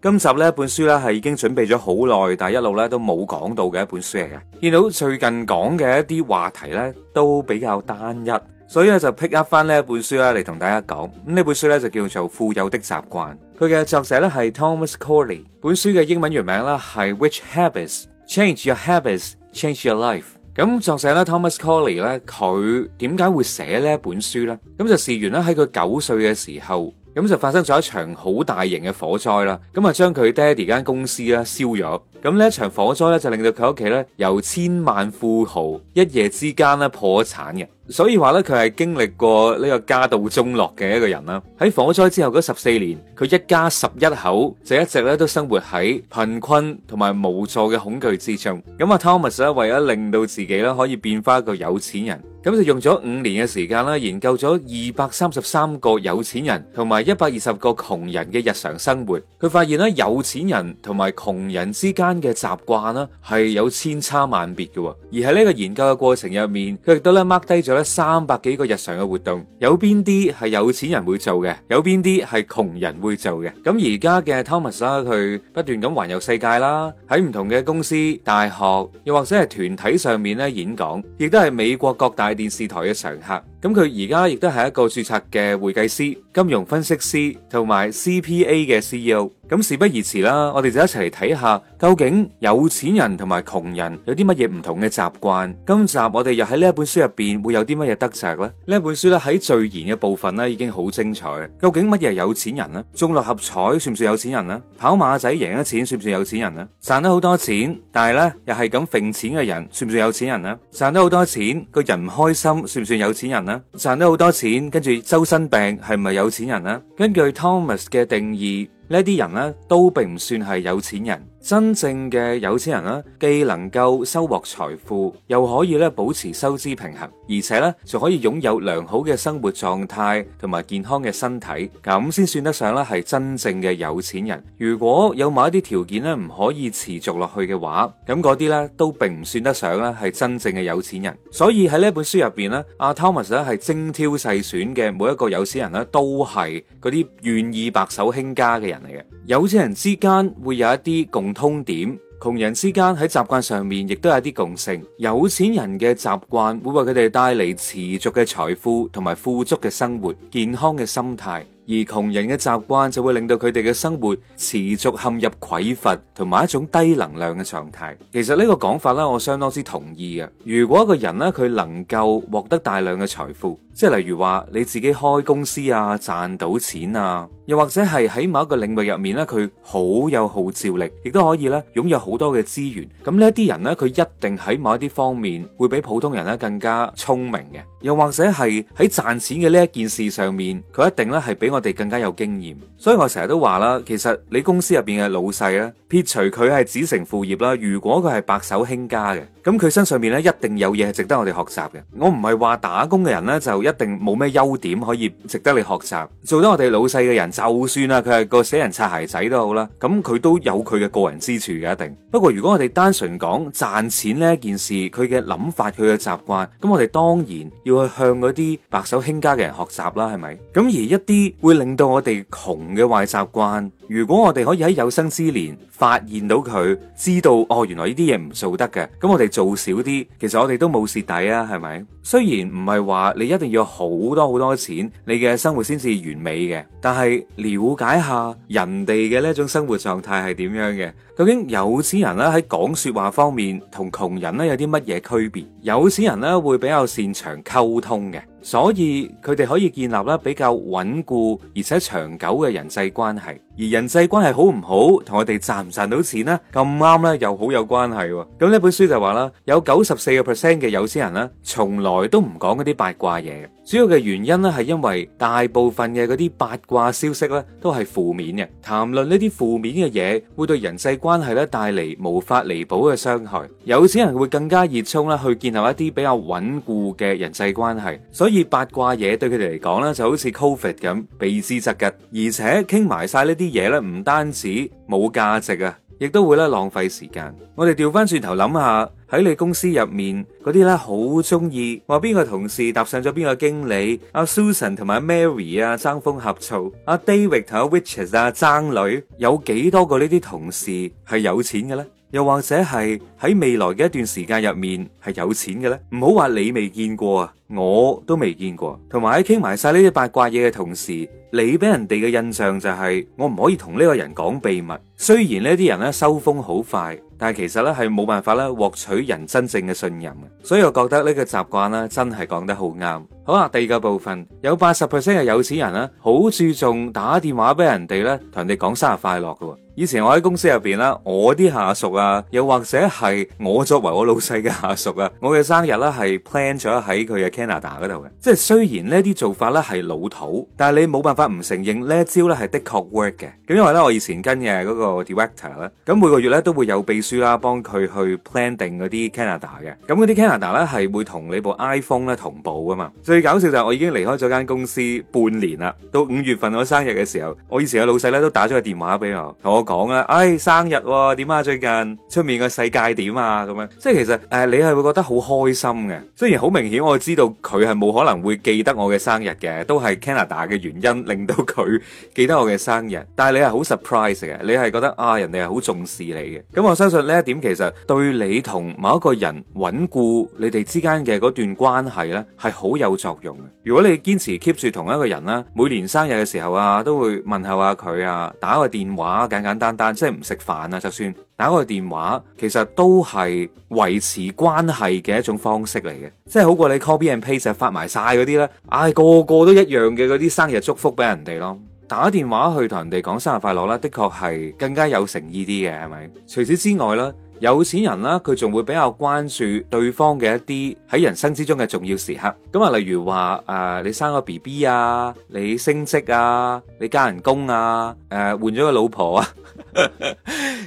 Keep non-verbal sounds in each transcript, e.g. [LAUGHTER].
今集咧呢本書咧係已經準備咗好耐，但係一路咧都冇講到嘅一本書嚟嘅。見到最近講嘅一啲話題咧都比較單一，所以我就 pick up 翻呢一本書啦嚟同大家講。咁呢本書咧就叫做《富有的習慣》，佢嘅作者咧係 Thomas Corley。本書嘅英文原名咧係 Rich Habits Change Your Habits Change Your Life。咁作者咧 Thomas Corley 咧佢點解會寫呢一本書咧？咁就事緣咧喺佢九歲嘅時候。咁就發生咗一場好大型嘅火災啦，咁啊將佢爹哋間公司咧燒咗，咁呢一場火災咧就令到佢屋企咧由千萬富豪一夜之間咧破產嘅，所以話咧佢係經歷過呢個家道中落嘅一個人啦。喺火災之後嗰十四年，佢一家十一口就一直咧都生活喺貧困同埋無助嘅恐懼之中。咁啊，Thomas 咧為咗令到自己咧可以變翻一個有錢人。咁就用咗五年嘅時間啦，研究咗二百三十三個有錢人同埋一百二十個窮人嘅日常生活。佢發現咧，有錢人同埋窮人之間嘅習慣啦，係有千差萬別嘅。而喺呢個研究嘅過程入面，佢亦都咧 mark 低咗咧三百幾個日常嘅活動，有邊啲係有錢人會做嘅，有邊啲係窮人會做嘅。咁而家嘅 Thomas 啦，佢不斷咁環遊世界啦，喺唔同嘅公司、大學又或者係團體上面咧演講，亦都係美國各大電視台嘅常客。咁佢而家亦都係一個註冊嘅會計師、金融分析師同埋 CPA 嘅 CEO。咁事不宜遲啦，我哋就一齊嚟睇下，究竟有錢人同埋窮人有啲乜嘢唔同嘅習慣。今集我哋又喺呢一本書入邊會有啲乜嘢得着咧？呢一本書咧喺序言嘅部分咧已經好精彩。究竟乜嘢係有錢人咧？中六合彩算唔算有錢人咧？跑馬仔贏咗錢算唔算有錢人咧？賺咗好多錢，但係咧又係咁揈錢嘅人，算唔算有錢人咧？賺咗好多錢，個人唔開心，算唔算有錢人？賺咗好多錢，跟住周身病，係唔係有錢人啊，根據 Thomas 嘅定義。呢啲人呢都並唔算係有錢人，真正嘅有錢人呢既能夠收穫財富，又可以咧保持收支平衡，而且呢仲可以擁有良好嘅生活狀態同埋健康嘅身體，咁先算得上咧係真正嘅有錢人。如果有某一啲條件呢唔可以持續落去嘅話，咁嗰啲呢都並唔算得上咧係真正嘅有錢人。所以喺呢本書入邊、啊、呢，阿 Thomas 咧係精挑細選嘅每一個有錢人呢，都係嗰啲願意白手興家嘅人。有錢人之間會有一啲共通點，窮人之間喺習慣上面亦都有一啲共性。有錢人嘅習慣會為佢哋帶嚟持續嘅財富同埋富足嘅生活、健康嘅心態。而窮人嘅習慣就會令到佢哋嘅生活持續陷入匱乏，同埋一種低能量嘅狀態。其實呢個講法咧，我相當之同意嘅。如果一個人咧，佢能夠獲得大量嘅財富，即係例如話你自己開公司啊，賺到錢啊，又或者係喺某一個領域入面咧，佢好有號召力，亦都可以咧擁有好多嘅資源。咁呢一啲人咧，佢一定喺某一啲方面會比普通人咧更加聰明嘅，又或者係喺賺錢嘅呢一件事上面，佢一定咧係比我，我哋更加有經驗，所以我成日都話啦，其實你公司入邊嘅老細咧，撇除佢係子承父業啦，如果佢係白手興家嘅。咁佢身上面咧，一定有嘢係值得我哋學習嘅。我唔係話打工嘅人咧，就一定冇咩優點可以值得你學習。做得我哋老細嘅人，就算啦，佢係個死人擦鞋仔都好啦，咁佢都有佢嘅個人之處嘅一定。不過如果我哋單純講賺錢呢一件事，佢嘅諗法佢嘅習慣，咁我哋當然要去向嗰啲白手興家嘅人學習啦，係咪？咁而一啲會令到我哋窮嘅壞習慣，如果我哋可以喺有生之年發現到佢，知道哦原來呢啲嘢唔做得嘅，咁我哋。做少啲，其實我哋都冇蝕底啊，係咪？雖然唔係話你一定要好多好多錢，你嘅生活先至完美嘅，但係了解下人哋嘅呢種生活狀態係點樣嘅。究竟有錢人咧喺講說話方面同窮人咧有啲乜嘢區別？有錢人咧會比較擅長溝通嘅，所以佢哋可以建立咧比較穩固而且長久嘅人際關係。而人際關係好唔好，同我哋賺唔賺到錢呢，咁啱咧又好有關係，哦。咁呢本書就話啦，有九十四個 percent 嘅有錢人咧，從來。都唔講嗰啲八卦嘢。主要嘅原因咧係因為大部分嘅嗰啲八卦消息咧都係負面嘅，談論呢啲負面嘅嘢會對人際關係咧帶嚟無法彌補嘅傷害。有錢人會更加熱衷啦去建立一啲比較穩固嘅人際關係，所以八卦嘢對佢哋嚟講咧就好似 Covid 咁避之則吉。而且傾埋晒呢啲嘢咧，唔單止冇價值啊，亦都會咧浪費時間。我哋調翻轉頭諗下。喺你公司入面嗰啲咧，好中意話邊個同事搭上咗邊個經理，阿、啊、Susan 同埋，啊、Mary 啊，爭風呷醋，阿、啊、David 同阿、啊、Richard 啊，爭女，有幾多個呢啲同事係有錢嘅咧？又或者係喺未來嘅一段時間入面係有錢嘅咧？唔好話你未見過啊，我都未見過。同埋喺傾埋晒呢啲八卦嘢嘅同時，你俾人哋嘅印象就係、是、我唔可以同呢個人講秘密。雖然呢啲人咧收風好快。但係其實咧係冇辦法咧獲取人真正嘅信任嘅，所以我覺得呢個習慣咧真係講得好啱。好啦，第二個部分有八十 percent 嘅有錢人咧，好注重打電話俾人哋咧，同人哋講生日快樂㗎。以前我喺公司入邊啦，我啲下屬啊，又或者係我作為我老細嘅下屬啊，我嘅生日咧係 plan 咗喺佢嘅 calendar 嗰度嘅。即係雖然呢啲做法咧係老土，但係你冇辦法唔承認呢一招咧係的確 work 嘅。咁因為咧，我以前跟嘅嗰個 director 啦，咁每個月咧都會有秘書啦幫佢去 plan 定嗰啲 calendar 嘅。咁嗰啲 calendar 咧係會同你部 iPhone 咧同步㗎嘛。最搞笑就係我已經離開咗間公司半年啦。到五月份我生日嘅時候，我以前嘅老細咧都打咗個電話俾我，同我講啊，唉、哎，生日喎，點啊？最近出面個世界點啊？咁樣，即係其實誒、呃、你係會覺得好開心嘅。雖然好明顯我知道佢係冇可能會記得我嘅生日嘅，都係 Canada 嘅原因令到佢記得我嘅生日。但係你係好 surprise 嘅，你係覺得啊，人哋係好重視你嘅。咁、嗯、我相信呢一點其實對你同某一個人穩固你哋之間嗰段關係咧係好有。作用。如果你堅持 keep 住同一個人啦，每年生日嘅時候啊，都會問候下佢啊，打個電話，簡簡單單，即係唔食飯啊，就算打個電話，其實都係維持關係嘅一種方式嚟嘅，即係好過你 copy and paste 發埋晒嗰啲呢，唉、啊、個個都一樣嘅嗰啲生日祝福俾人哋咯。打電話去同人哋講生日快樂啦，的確係更加有誠意啲嘅，係咪？除此之外咧。有錢人啦，佢仲會比較關注對方嘅一啲喺人生之中嘅重要時刻，咁啊，例如話誒、呃、你生個 B B 啊，你升職啊，你加人工啊，誒換咗個老婆啊，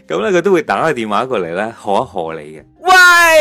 咁咧佢都會打個電話過嚟咧賀一賀你嘅。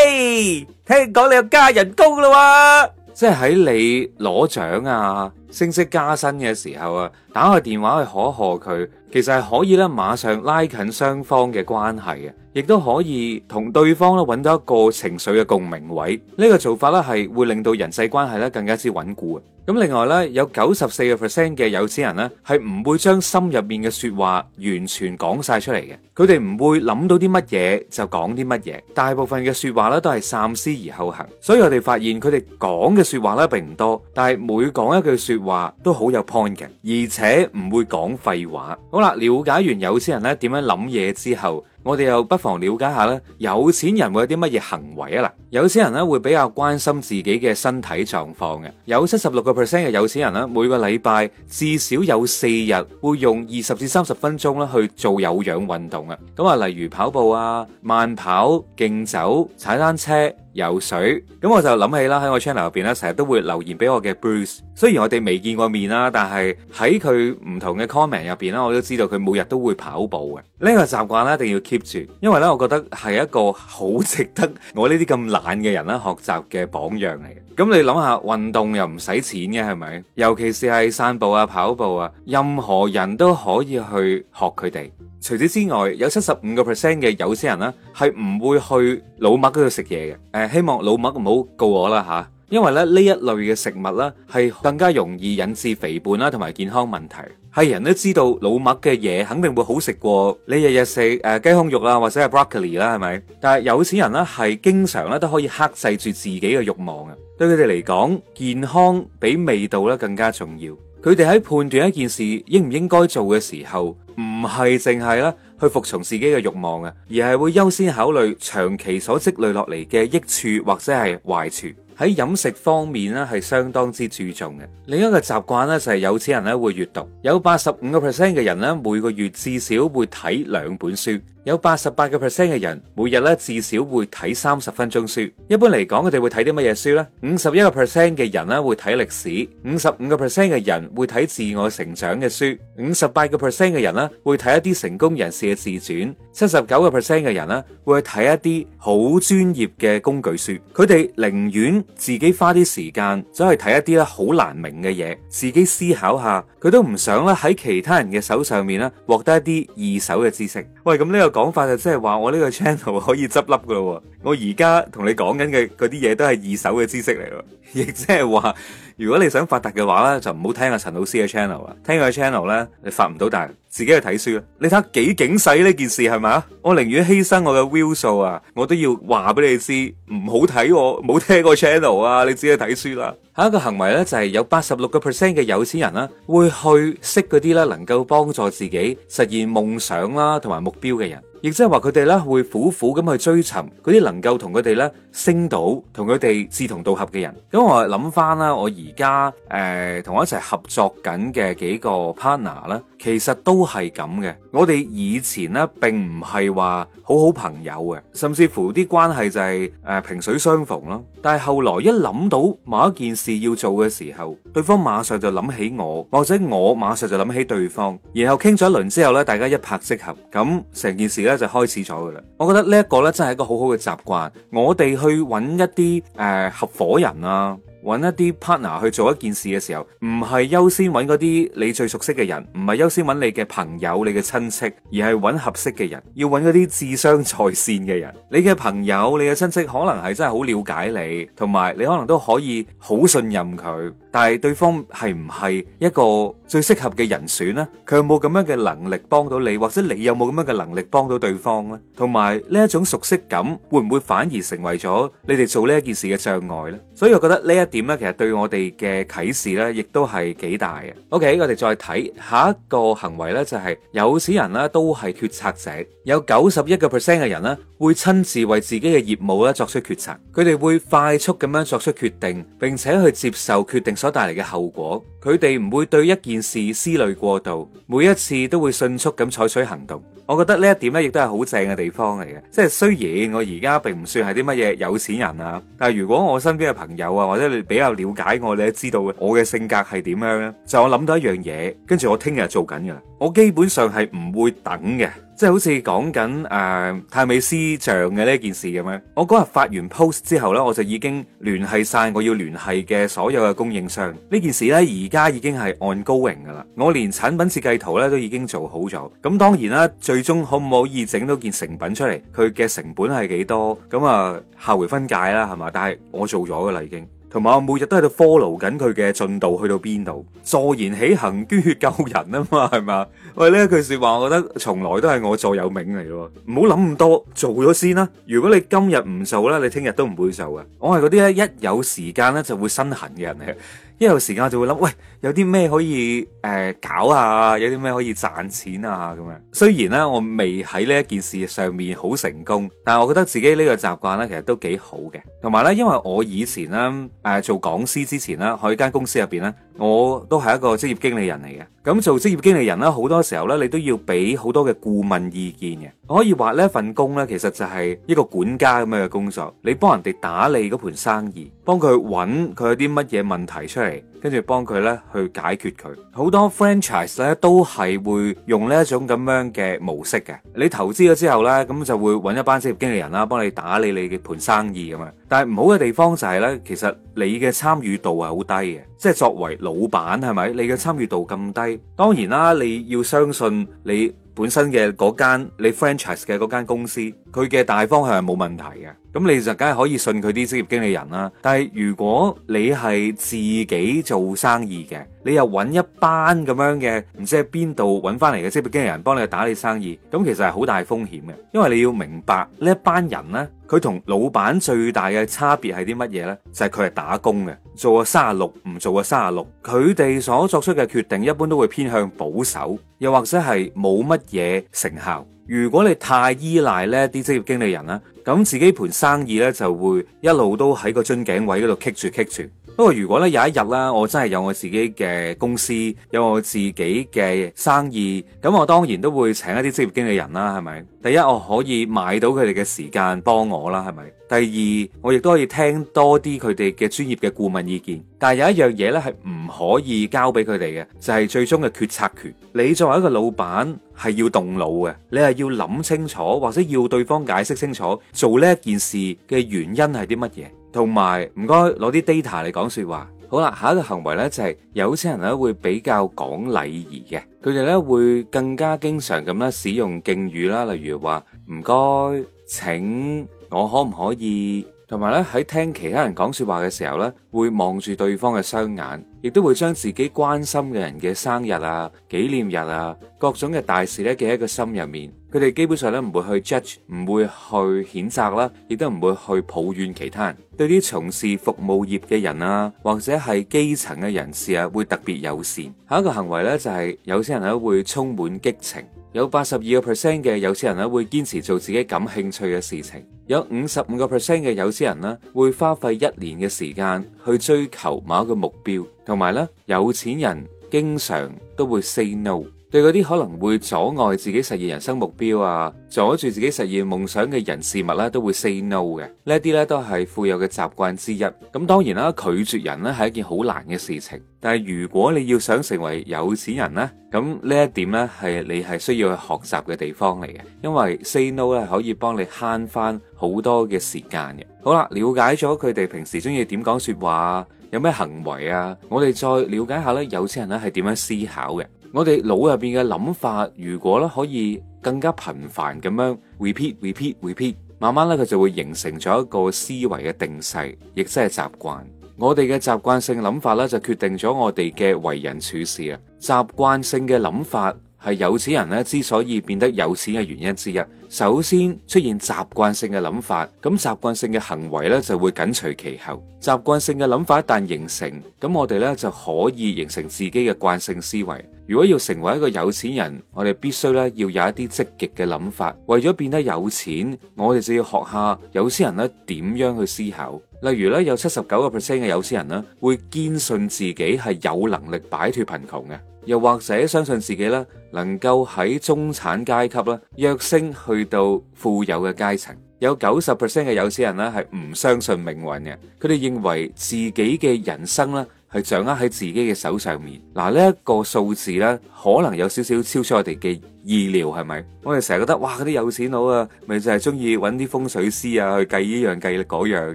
喂，聽講你有加人工啦喎，即係喺你攞獎啊、升職加薪嘅時候啊。打個電話去可賀佢，其實係可以咧馬上拉近雙方嘅關係嘅，亦都可以同對方咧揾到一個情緒嘅共鳴位。呢個做法咧係會令到人際關係咧更加之穩固。咁另外咧有九十四個 percent 嘅有錢人咧係唔會將心入面嘅說話完全講晒出嚟嘅，佢哋唔會諗到啲乜嘢就講啲乜嘢，大部分嘅說話咧都係三思而後行。所以我哋發現佢哋講嘅說話咧並唔多，但係每講一句說話都好有 point 嘅，而且。且唔會講廢話。好啦，了解完有錢人咧點樣諗嘢之後，我哋又不妨了解下咧有錢人會有啲乜嘢行為啊？嗱，有錢人咧會比較關心自己嘅身體狀況嘅。有七十六個 percent 嘅有錢人咧，每個禮拜至少有四日會用二十至三十分鐘啦去做有氧運動啊。咁、嗯、啊，例如跑步啊、慢跑、競走、踩單車。游水、咁我就諗起啦，喺我 channel 入邊咧，成日都會留言俾我嘅 Bruce。雖然我哋未見過面啦，但係喺佢唔同嘅 comment 入邊咧，我都知道佢每日都會跑步嘅。呢個習慣咧一定要 keep 住，因為咧，我覺得係一個好值得我呢啲咁懶嘅人啦學習嘅榜樣嚟嘅。咁你諗下，運動又唔使錢嘅係咪？尤其是係散步啊、跑步啊，任何人都可以去學佢哋。除此之外，有七十五個 percent 嘅有些人呢，係唔會去老麥嗰度食嘢嘅。誒、呃，希望老麥唔好告我啦吓，因為咧呢一類嘅食物啦，係更加容易引致肥胖啦，同埋健康問題。係人都知道老麥嘅嘢，肯定會好食過你日日食誒雞胸肉啦，或者係 broccoli 啦，係咪？但係有錢人咧係經常咧都可以克制住自己嘅慾望嘅。對佢哋嚟講，健康比味道咧更加重要。佢哋喺判斷一件事應唔應該做嘅時候，唔係淨係咧去服從自己嘅欲望啊而係會優先考慮長期所積累落嚟嘅益處或者係壞處。喺飲食方面咧，係相當之注重嘅。另一個習慣咧，就係有錢人咧會閱讀。有，有八十五個 percent 嘅人咧，每個月至少會睇兩本書。有八十八個 percent 嘅人每日咧至少會睇三十分鐘書。一般嚟講，佢哋會睇啲乜嘢書呢？五十一個 percent 嘅人咧會睇歷史，五十五個 percent 嘅人會睇自我成長嘅書，五十八個 percent 嘅人咧會睇一啲成功人士嘅自傳，七十九個 percent 嘅人咧會去睇一啲好專業嘅工具書。佢哋寧願自己花啲時間走去睇一啲咧好難明嘅嘢，自己思考下。佢都唔想咧喺其他人嘅手上面咧獲得一啲二手嘅知識。喂，咁呢個講法就即係話我呢個 channel 可以執笠噶咯。我而家同你講緊嘅嗰啲嘢都係二手嘅知識嚟咯，亦即係話。如果你想發達嘅話呢，就唔好聽阿陳老師嘅 channel 啦，聽佢 channel 咧，你發唔到，但係自己去睇書啦。你睇下幾警世呢件事係咪啊？我寧願犧牲我嘅 view 數啊，我都要話俾你知，唔好睇我，唔好聽個 channel 啊，你自己去睇書啦。下一個行為呢，就係、是、有八十六個 percent 嘅有錢人啦，會去識嗰啲咧能夠幫助自己實現夢想啦，同埋目標嘅人。亦即係話，佢哋咧會苦苦咁去追尋嗰啲能夠同佢哋咧升到同佢哋志同道合嘅人。咁我諗翻啦，我而家誒同我一齊合作緊嘅幾個 partner 啦。其實都係咁嘅，我哋以前呢，並唔係話好好朋友嘅，甚至乎啲關係就係誒萍水相逢咯。但係後來一諗到某一件事要做嘅時候，對方馬上就諗起我，或者我馬上就諗起對方，然後傾咗一輪之後呢，大家一拍即合，咁成件事呢，就開始咗噶啦。我覺得呢一個呢，真係一個好好嘅習慣，我哋去揾一啲誒、呃、合夥人啊。揾一啲 partner 去做一件事嘅時候，唔係優先揾嗰啲你最熟悉嘅人，唔係優先揾你嘅朋友，你嘅親戚，而係揾合適嘅人，要揾嗰啲智商在綫嘅人。你嘅朋友，你嘅親戚可能係真係好了解你，同埋你可能都可以好信任佢。但係對方係唔係一個最適合嘅人選咧？佢有冇咁樣嘅能力幫到你，或者你有冇咁樣嘅能力幫到對方咧？同埋呢一種熟悉感，會唔會反而成為咗你哋做呢一件事嘅障礙咧？所以我覺得呢一點咧，其實對我哋嘅啟示咧，亦都係幾大嘅。OK，我哋再睇下一個行為咧，就係、是、有錢人咧，都係決策者，有九十一個 percent 嘅人咧。會親自為自己嘅業務咧作出決策，佢哋會快速咁樣作出決定，並且去接受決定所帶嚟嘅後果。佢哋唔會對一件事思慮過度，每一次都會迅速咁採取行動。我覺得呢一點咧，亦都係好正嘅地方嚟嘅。即係雖然我而家並唔算係啲乜嘢有錢人啊，但係如果我身邊嘅朋友啊，或者你比較了解我，你都知道我嘅性格係點樣咧。就我諗到一樣嘢，跟住我聽日做緊嘅，我基本上係唔會等嘅。即係好似講緊誒泰美師像嘅呢件事咁樣，我嗰日發完 post 之後呢，我就已經聯繫晒我要聯繫嘅所有嘅供應商。呢件事呢，而家已經係 ongoing 噶啦，我連產品設計圖呢都已經做好咗。咁當然啦，最終可唔可以整到件成品出嚟，佢嘅成本係幾多？咁啊，下回分解啦，係嘛？但係我做咗噶啦，已經。同埋我每日都喺度 follow 緊佢嘅進度去到邊度，坐言起行捐血救人啊嘛，係咪？喂，呢一句説話，我覺得從來都係我座右銘嚟喎。唔好諗咁多，做咗先啦。如果你今日唔做呢，你聽日都唔會做啊。我係嗰啲咧，一有時間呢就會身痕嘅人嚟。 [LAUGHS] 一有時間我就會諗，喂，有啲咩可以誒、呃、搞下、啊？有啲咩可以賺錢啊咁樣。雖然咧我未喺呢一件事上面好成功，但係我覺得自己呢個習慣呢，其實都幾好嘅。同埋呢，因為我以前呢，誒、呃、做講師之前呢，喺間公司入邊呢，我都係一個職業經理人嚟嘅。咁做職業經理人咧，好多時候咧，你都要俾好多嘅顧問意見嘅。可以話呢份工咧，其實就係一個管家咁樣嘅工作，你幫人哋打理嗰盤生意，幫佢揾佢有啲乜嘢問題出嚟。跟住幫佢咧去解決佢，好多 franchise 咧都係會用呢一種咁樣嘅模式嘅。你投資咗之後呢，咁就會揾一班職業經理人啦，幫你打理你嘅盤生意咁樣。但係唔好嘅地方就係呢，其實你嘅參與度係好低嘅，即係作為老闆係咪？你嘅參與度咁低，當然啦，你要相信你本身嘅嗰間你 franchise 嘅嗰間公司，佢嘅大方向係冇問題嘅。咁你就梗係可以信佢啲職業經理人啦。但係如果你係自己做生意嘅，你又揾一班咁樣嘅，唔知喺邊度揾翻嚟嘅職業經理人幫你去打理生意，咁其實係好大風險嘅。因為你要明白呢一班人呢，佢同老闆最大嘅差別係啲乜嘢呢？就係佢係打工嘅，做個卅六唔做個卅六，佢哋所作出嘅決定一般都會偏向保守，又或者係冇乜嘢成效。如果你太依賴呢啲職業經理人咧，咁自己盤生意呢，就會一路都喺個樽頸位嗰度棘住棘住。不過如果咧有一日咧，我真係有我自己嘅公司，有我自己嘅生意，咁我當然都會請一啲職業經理人啦，係咪？第一，我可以買到佢哋嘅時間幫我啦，係咪？第二，我亦都可以聽多啲佢哋嘅專業嘅顧問意見。但係有一樣嘢咧，係唔可以交俾佢哋嘅，就係最終嘅決策權。你作為一個老闆，係要動腦嘅，你係要諗清楚，或者要對方解釋清楚做呢一件事嘅原因係啲乜嘢。同埋唔該攞啲 data 嚟講，説話，好啦，下一個行為呢，就係有錢人呢會比較講禮儀嘅，佢哋呢會更加經常咁咧使用敬語啦，例如話唔該、請、我可唔可以，同埋呢，喺聽其他人講説話嘅時候呢，會望住對方嘅雙眼。亦都會將自己關心嘅人嘅生日啊、紀念日啊、各種嘅大事咧記喺個心入面。佢哋基本上咧唔會去 judge，唔會去譴責啦，亦都唔會去抱怨其他人。對啲從事服務業嘅人啊，或者係基層嘅人士啊，會特別友善。下一個行為咧就係，有些人咧會充滿激情。有八十二個 percent 嘅有錢人呢，會堅持做自己感興趣嘅事情；有五十五個 percent 嘅有錢人呢，會花費一年嘅時間去追求某一個目標，同埋呢有錢人經常都會 say no。對嗰啲可能會阻礙自己實現人生目標啊，阻住自己實現夢想嘅人事物咧，啊，都會 say no 嘅。呢一啲咧都係富有嘅習慣之一。咁當然啦，拒絕人咧係一件好難嘅事情。但係如果你要想成為有錢人呢，咁呢一點咧係你係需要去學習嘅地方嚟嘅。因為 say no 咧可以幫你慳翻好多嘅時間嘅。好啦，了解咗佢哋平時中意點講說話，有咩行為啊，我哋再了解下咧有錢人咧係點樣思考嘅。我哋腦入邊嘅諗法，如果咧可以更加頻繁咁樣 repeat repeat repeat，慢慢咧佢就會形成咗一個思維嘅定勢，亦即係習慣。我哋嘅習慣性諗法咧，就決定咗我哋嘅為人處事啦。習慣性嘅諗法。係有錢人咧之所以變得有錢嘅原因之一，首先出現習慣性嘅諗法，咁習慣性嘅行為咧就會緊隨其後。習慣性嘅諗法一旦形成，咁我哋咧就可以形成自己嘅慣性思維。如果要成為一個有錢人，我哋必須咧要有一啲積極嘅諗法。為咗變得有錢，我哋就要學下有錢人咧點樣去思考。例如咧，有七十九個 percent 嘅有錢人咧會堅信自己係有能力擺脫貧窮嘅。又或者相信自己啦，能夠喺中產階級啦，躍升去到富有嘅階層。有九十 percent 嘅有錢人咧，係唔相信命運嘅。佢哋認為自己嘅人生咧，係掌握喺自己嘅手上面。嗱，呢一個數字咧，可能有少少超出我哋嘅意料，係咪？我哋成日覺得哇，嗰啲有錢佬啊，咪就係中意揾啲風水師啊，去計呢樣計嗰樣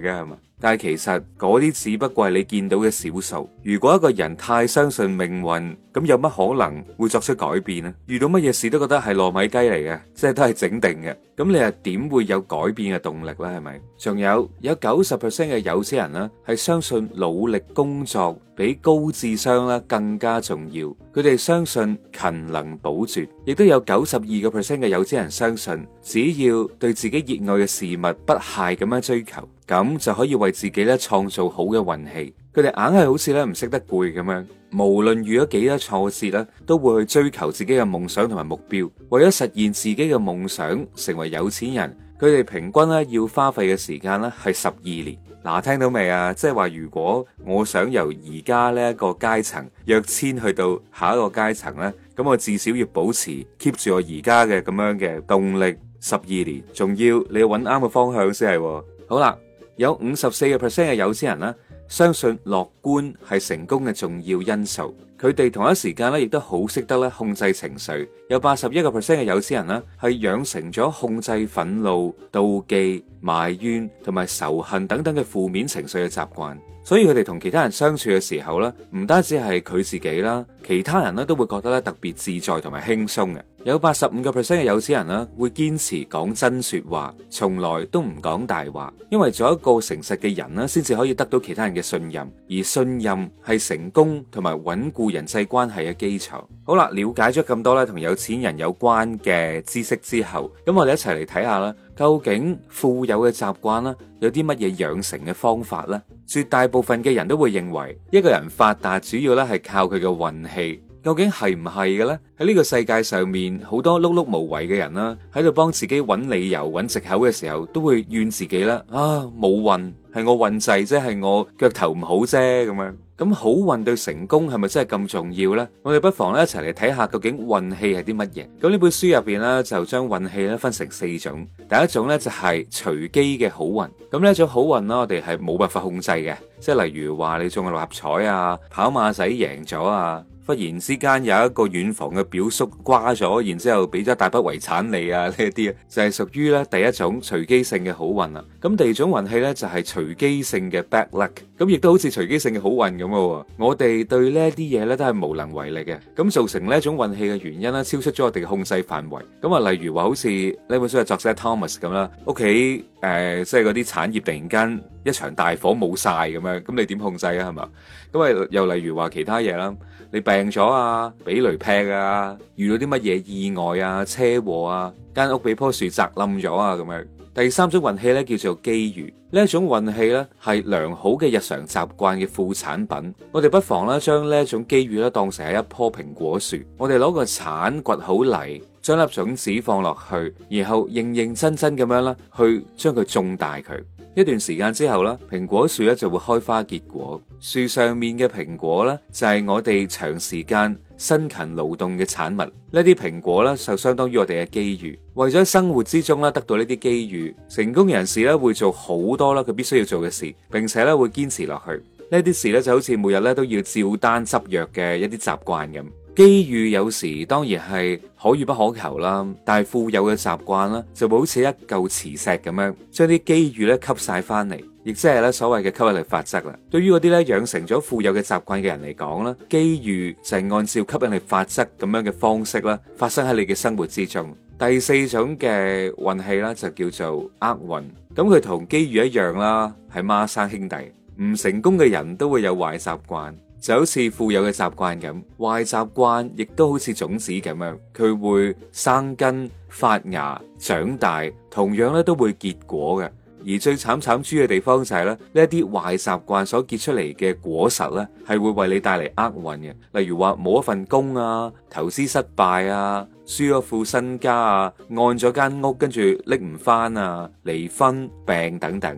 嘅，係嘛？但係其實嗰啲只不過係你見到嘅少數。如果一個人太相信命運，咁有乜可能會作出改變呢？遇到乜嘢事都覺得係糯米雞嚟嘅，即係都係整定嘅。咁你又點會有改變嘅動力咧？係咪？仲有，有九十 percent 嘅有錢人呢，係相信努力工作比高智商啦更加重要。佢哋相信勤能補拙，亦都有九十二個 percent 嘅有錢人相信，只要對自己熱愛嘅事物不懈咁樣追求，咁就可以為自己咧創造好嘅運氣。佢哋硬係好似咧唔識得攰咁樣，無論遇咗幾多挫折咧，都會去追求自己嘅夢想同埋目標。為咗實現自己嘅夢想，成為有錢人，佢哋平均咧要花費嘅時間咧係十二年。嗱，聽到未啊？即係話，如果我想由而家呢一個階層躍遷去到下一個階層咧，咁我至少要保持 keep 住我而家嘅咁樣嘅動力十二年，仲要你要揾啱嘅方向先係。好啦。有五十四個 percent 嘅有錢人咧，相信樂觀係成功嘅重要因素。佢哋同一時間咧，亦都好識得咧控制情緒。有八十一個 percent 嘅有錢人咧，係養成咗控制憤怒、妒忌、埋怨同埋仇恨等等嘅負面情緒嘅習慣。所以佢哋同其他人相處嘅時候咧，唔單止係佢自己啦，其他人咧都會覺得咧特別自在同埋輕鬆嘅。有八十五個 percent 嘅有錢人咧，會堅持講真說話，從來都唔講大話，因為做一個誠實嘅人呢，先至可以得到其他人嘅信任，而信任係成功同埋穩固人際關係嘅基礎。好啦，了解咗咁多咧同有錢人有關嘅知識之後，咁我哋一齊嚟睇下啦。究竟富有嘅習慣啦，有啲乜嘢養成嘅方法呢？絕大部分嘅人都會認為，一個人發達主要咧係靠佢嘅運氣。究竟係唔係嘅咧？喺呢個世界上面，好多碌碌無為嘅人啦，喺度幫自己揾理由、揾藉口嘅時候，都會怨自己啦。啊，冇運，係我運滯啫，係我，我腳頭唔好啫，咁樣。咁好運對成功係咪真係咁重要呢？我哋不妨一齊嚟睇下究竟運氣係啲乜嘢。咁呢本書入邊咧就將運氣咧分成四種，第一種咧就係隨機嘅好運。咁呢一種好運啦，我哋係冇辦法控制嘅，即係例如話你中六合彩啊、跑馬仔贏咗啊。忽然之間有一個遠房嘅表叔瓜咗，然之後俾咗大筆遺產你啊，呢啲啊就係屬於咧第一種隨機性嘅好運啦。咁第二種運氣呢，就係隨機性嘅 bad luck，咁亦都好似隨機性嘅好運咁嘅。我哋對呢啲嘢呢，都係無能為力嘅。咁造成呢一種運氣嘅原因咧超出咗我哋嘅控制範圍。咁啊，例如話好似呢本書嘅作者 Thomas 咁啦，屋企誒即係嗰啲產業突然間。一場大火冇晒咁樣，咁你點控制啊？係嘛？咁啊，又例如話其他嘢啦，你病咗啊，俾雷劈啊，遇到啲乜嘢意外啊，車禍啊，間屋俾棵樹砸冧咗啊，咁樣。第三種運氣咧叫做機遇，呢一種運氣咧係良好嘅日常習慣嘅副產品。我哋不妨咧將呢一種機遇咧當成係一棵蘋果樹，我哋攞個鏟掘好嚟，將粒種子放落去，然後認認真真咁樣啦去將佢種大佢。一段時間之後啦，蘋果樹咧就會開花結果，樹上面嘅蘋果咧就係我哋長時間辛勤勞動嘅產物。呢啲蘋果咧就相當於我哋嘅機遇。為咗喺生活之中咧得到呢啲機遇，成功人士咧會做好多啦佢必須要做嘅事，並且咧會堅持落去。呢啲事咧就好似每日咧都要照單執藥嘅一啲習慣咁。機遇有時當然係可遇不可求啦，但係富有嘅習慣咧，就會好似一嚿磁石咁樣，將啲機遇咧吸晒翻嚟，亦即係咧所謂嘅吸引力法則啦。對於嗰啲咧養成咗富有嘅習慣嘅人嚟講咧，機遇就係按照吸引力法則咁樣嘅方式啦，發生喺你嘅生活之中。第四種嘅運氣咧就叫做厄運，咁佢同機遇一樣啦，係孖生兄弟。唔成功嘅人都會有壞習慣。就好似富有嘅習慣咁，壞習慣亦都好似種子咁樣，佢會生根、發芽、長大，同樣咧都會結果嘅。而最慘慘豬嘅地方就係、是、咧，呢啲壞習慣所結出嚟嘅果實咧，係會為你帶嚟厄運嘅。例如話冇一份工啊，投資失敗啊，輸咗副身家啊，按咗間屋跟住拎唔返啊，離婚、病等等。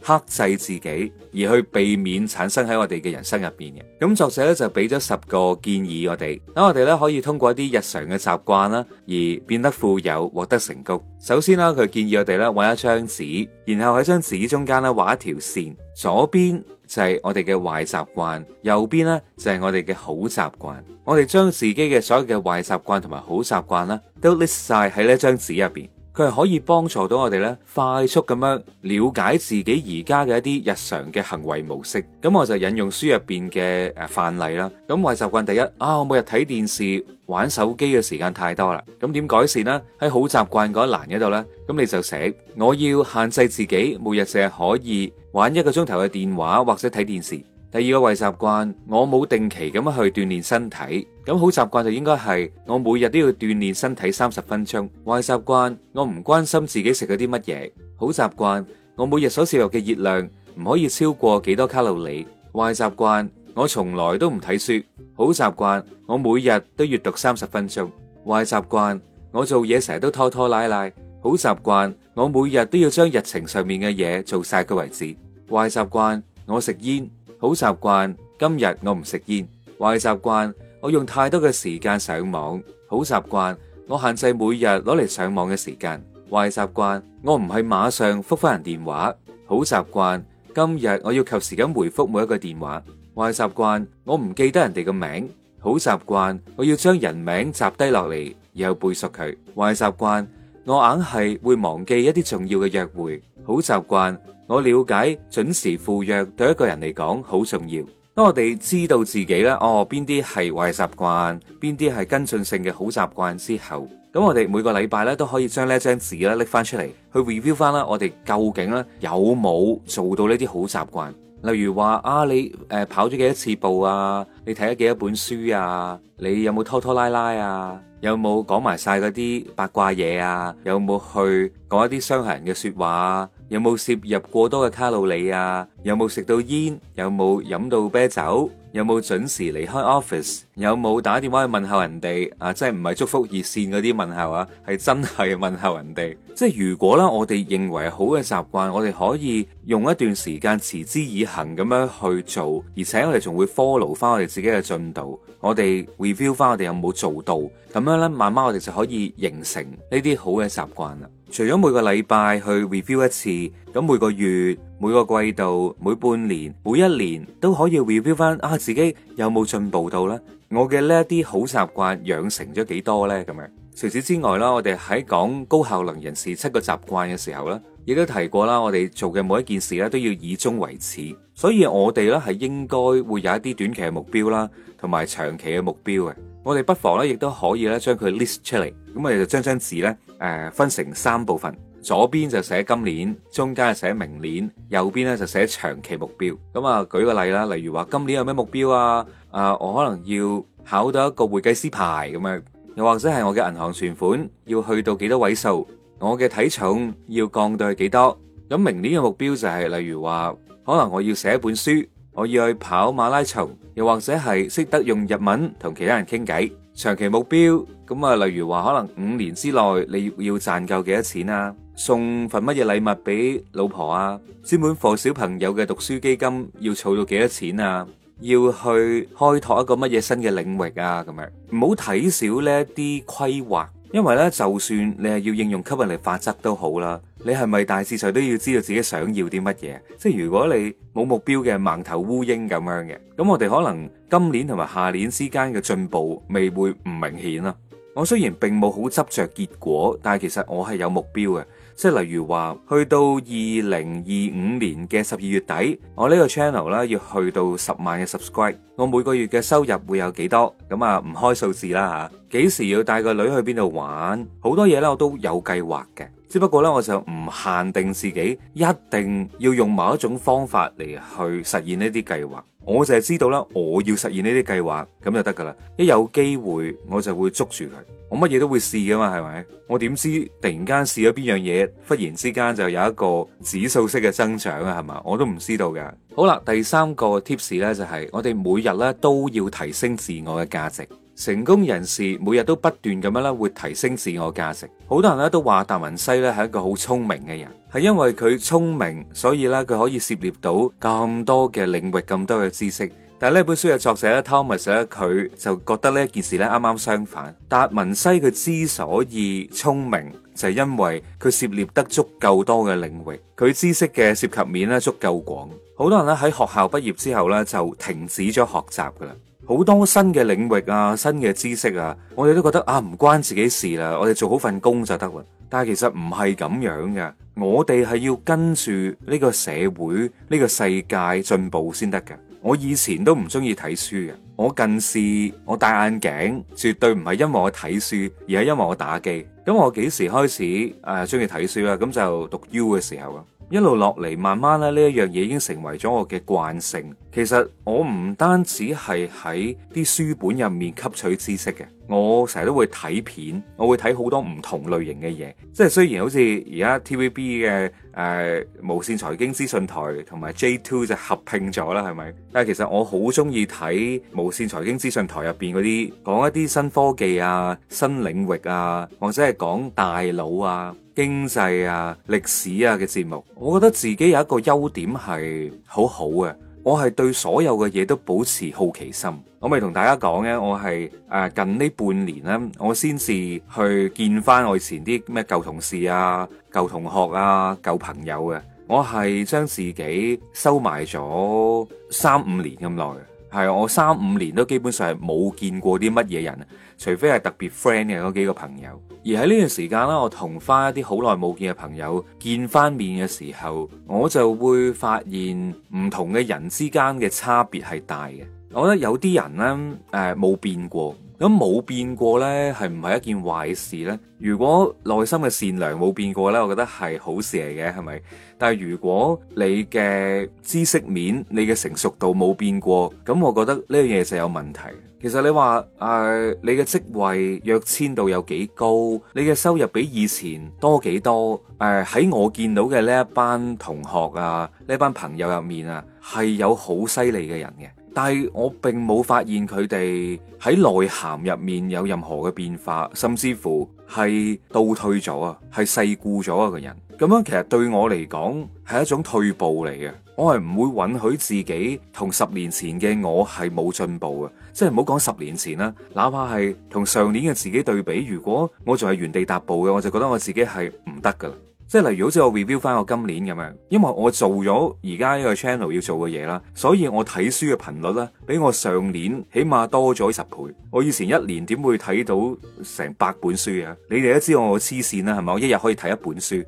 克制自己，而去避免產生喺我哋嘅人生入邊嘅。咁作者咧就俾咗十個建議我哋，等我哋咧可以通過一啲日常嘅習慣啦，而變得富有，獲得成功。首先啦，佢建議我哋咧搵一張紙，然後喺張紙中間咧畫一條線，左邊就係我哋嘅壞習慣，右邊呢就係我哋嘅好習慣。我哋將自己嘅所有嘅壞習慣同埋好習慣啦，都 list 晒喺呢一張紙入邊。佢係可以幫助到我哋咧，快速咁樣瞭解自己而家嘅一啲日常嘅行為模式。咁我就引用書入邊嘅誒範例啦。咁壞習慣第一啊，我每日睇電視、玩手機嘅時間太多啦。咁點改善呢？喺好習慣嗰一欄嗰度呢，咁你就寫我要限制自己每日凈係可以玩一個鐘頭嘅電話或者睇電視。第二個壞習慣，我冇定期咁樣去鍛煉身體。咁好習慣就應該係我每日都要鍛煉身體三十分鐘。壞習慣，我唔關心自己食咗啲乜嘢。好習慣，我每日所攝入嘅熱量唔可以超過幾多卡路里。壞習慣，我從來都唔睇書。好習慣，我每日都閱讀三十分鐘。壞習慣，我做嘢成日都拖拖拉拉。好習慣，我每日都要將日程上面嘅嘢做晒嘅為止。壞習慣，我食煙。好習慣，今日我唔食煙；壞習慣，我用太多嘅時間上網。好習慣，我限制每日攞嚟上網嘅時間；壞習慣，我唔係馬上覆翻人電話。好習慣，今日我要及時咁回覆每一個電話；壞習慣，我唔記得人哋嘅名。好習慣，我要將人名摘低落嚟，然後背熟佢。壞習慣，我硬係會忘記一啲重要嘅約會。好習慣。我了解準時赴約對一個人嚟講好重要。當我哋知道自己呢哦，邊啲係壞習慣，邊啲係跟進性嘅好習慣之後，咁我哋每個禮拜呢都可以將呢一張紙呢拎翻出嚟去 review 翻啦。我哋究竟呢有冇做到呢啲好習慣？例如話啊，你誒，跑咗幾多次步啊？你睇咗幾多本書啊？你有冇拖拖拉拉啊？有冇講埋晒嗰啲八卦嘢啊？有冇去講一啲傷害人嘅說話？有冇攝入過多嘅卡路里啊？有冇食到煙？有冇飲到啤酒？有冇準時離開 office？有冇打電話去問候人哋啊？即係唔係祝福熱線嗰啲問候啊？係真係問候人哋。即係如果咧，我哋認為好嘅習慣，我哋可以用一段時間持之以恒咁樣去做，而且我哋仲會 follow 翻我哋自己嘅進度，我哋 review 翻我哋有冇做到。咁樣咧，慢慢我哋就可以形成呢啲好嘅習慣啦。除咗每個禮拜去 review 一次，咁每個月、每個季度、每半年、每一年都可以 review 翻啊，自己有冇進步到咧？我嘅呢啲好習慣養成咗幾多咧？咁樣。除此之外啦，我哋喺講高效能人士七個習慣嘅時候咧，亦都提過啦，我哋做嘅每一件事咧都要以終為始，所以我哋咧係應該會有一啲短期嘅目標啦，同埋長期嘅目標嘅。我哋不妨咧，亦都可以咧，將佢 list 出嚟。咁我哋就將張紙咧，誒，分成三部分，左邊就寫今年，中間係寫明年，右邊咧就寫長期目標。咁啊，舉個例啦，例如話今年有咩目標啊？啊，我可能要考到一個會計師牌咁啊，又或者係我嘅銀行存款要去到幾多位數，我嘅體重要降到去幾多？咁明年嘅目標就係，例如話，可能我要寫一本書。我要去跑馬拉松，又或者係識得用日文同其他人傾偈。長期目標咁啊，例如話可能五年之內你要要賺夠幾多錢啊，送份乜嘢禮物俾老婆啊，專門課小朋友嘅讀書基金要儲到幾多錢啊，要去開拓一個乜嘢新嘅領域啊，咁樣唔好睇少呢一啲規劃，因為呢就算你係要應用吸引力法則都好啦。你係咪大致上都要知道自己想要啲乜嘢？即係如果你冇目標嘅，盲頭烏蠅咁樣嘅，咁我哋可能今年同埋下年之間嘅進步未會唔明顯啦。我雖然並冇好執着結果，但係其實我係有目標嘅，即係例如話去到二零二五年嘅十二月底，我呢個 channel 啦要去到十萬嘅 subscribe，我每個月嘅收入會有幾多？咁啊，唔開數字啦吓，幾時要帶個女去邊度玩？好多嘢咧我都有計劃嘅。只不過咧，我就唔限定自己，一定要用某一種方法嚟去實現呢啲計劃。我就係知道啦，我要實現呢啲計劃咁就得噶啦。一有機會，我就會捉住佢。我乜嘢都會試噶嘛，係咪？我點知，突然間試咗邊樣嘢，忽然之間就有一個指數式嘅增長啊，係嘛？我都唔知道噶。好啦，第三個 tips 咧就係、是，我哋每日咧都要提升自我嘅價值。成功人士每日都不斷咁樣咧，會提升自我價值。好多人咧都話達文西咧係一個好聰明嘅人，係因為佢聰明，所以咧佢可以涉獵到咁多嘅領域、咁多嘅知識。但係呢本書嘅作者咧，Thomas 咧，佢就覺得呢件事咧，啱啱相反。達文西佢之所以聰明，就係因為佢涉獵得足夠多嘅領域，佢知識嘅涉及面咧足夠廣。好多人咧喺學校畢業之後咧就停止咗學習噶啦。好多新嘅領域啊，新嘅知識啊，我哋都覺得啊唔關自己事啦，我哋做好份工就得啦。但係其實唔係咁樣嘅，我哋係要跟住呢個社會、呢個世界進步先得嘅。我以前都唔中意睇書嘅，我近視，我戴眼鏡，絕對唔係因為我睇書，而係因為我打機。咁我幾時開始誒中意睇書啊？咁就讀 U 嘅時候啊，一路落嚟，慢慢咧呢一樣嘢已經成為咗我嘅慣性。其實我唔單止係喺啲書本入面吸取知識嘅，我成日都會睇片，我會睇好多唔同類型嘅嘢。即係雖然好似而家 TVB 嘅、誒、呃、無綫財經資訊台同埋 J2 就合併咗啦，係咪？但係其實我好中意睇無綫財經資訊台入邊嗰啲講一啲新科技啊、新領域啊，或者係講大佬啊、經濟啊、歷史啊嘅節目。我覺得自己有一個優點係好好嘅。我係對所有嘅嘢都保持好奇心，我咪同大家講呢，我係誒近呢半年咧，我先至去見翻我以前啲咩舊同事啊、舊同學啊、舊朋友嘅，我係將自己收埋咗三五年咁耐。係啊，我三五年都基本上係冇見過啲乜嘢人，除非係特別 friend 嘅嗰幾個朋友。而喺呢段時間啦，我同翻一啲好耐冇見嘅朋友見翻面嘅時候，我就會發現唔同嘅人之間嘅差別係大嘅。我覺得有啲人呢，誒、呃、冇變過。咁冇變過呢，係唔係一件壞事呢？如果內心嘅善良冇變過呢，我覺得係好事嚟嘅，係咪？但係如果你嘅知識面、你嘅成熟度冇變過，咁我覺得呢樣嘢就有問題。其實你話誒、呃，你嘅職位躍遷度有幾高？你嘅收入比以前多幾多？誒、呃、喺我見到嘅呢一班同學啊，呢班朋友入面啊，係有好犀利嘅人嘅。但係我並冇發現佢哋喺內涵入面有任何嘅變化，甚至乎係倒退咗啊，係世故咗一個人咁樣。其實對我嚟講係一種退步嚟嘅，我係唔會允許自己同十年前嘅我係冇進步嘅。即係唔好講十年前啦，哪怕係同上年嘅自己對比，如果我仲係原地踏步嘅，我就覺得我自己係唔得噶啦。即係例如，好似我 review 翻我今年咁樣，因為我做咗而家呢個 channel 要做嘅嘢啦，所以我睇書嘅頻率咧，比我上年起碼多咗十倍。我以前一年點會睇到成百本書呀？你哋都知道我黐線啦，係咪？我一日可以睇一本書。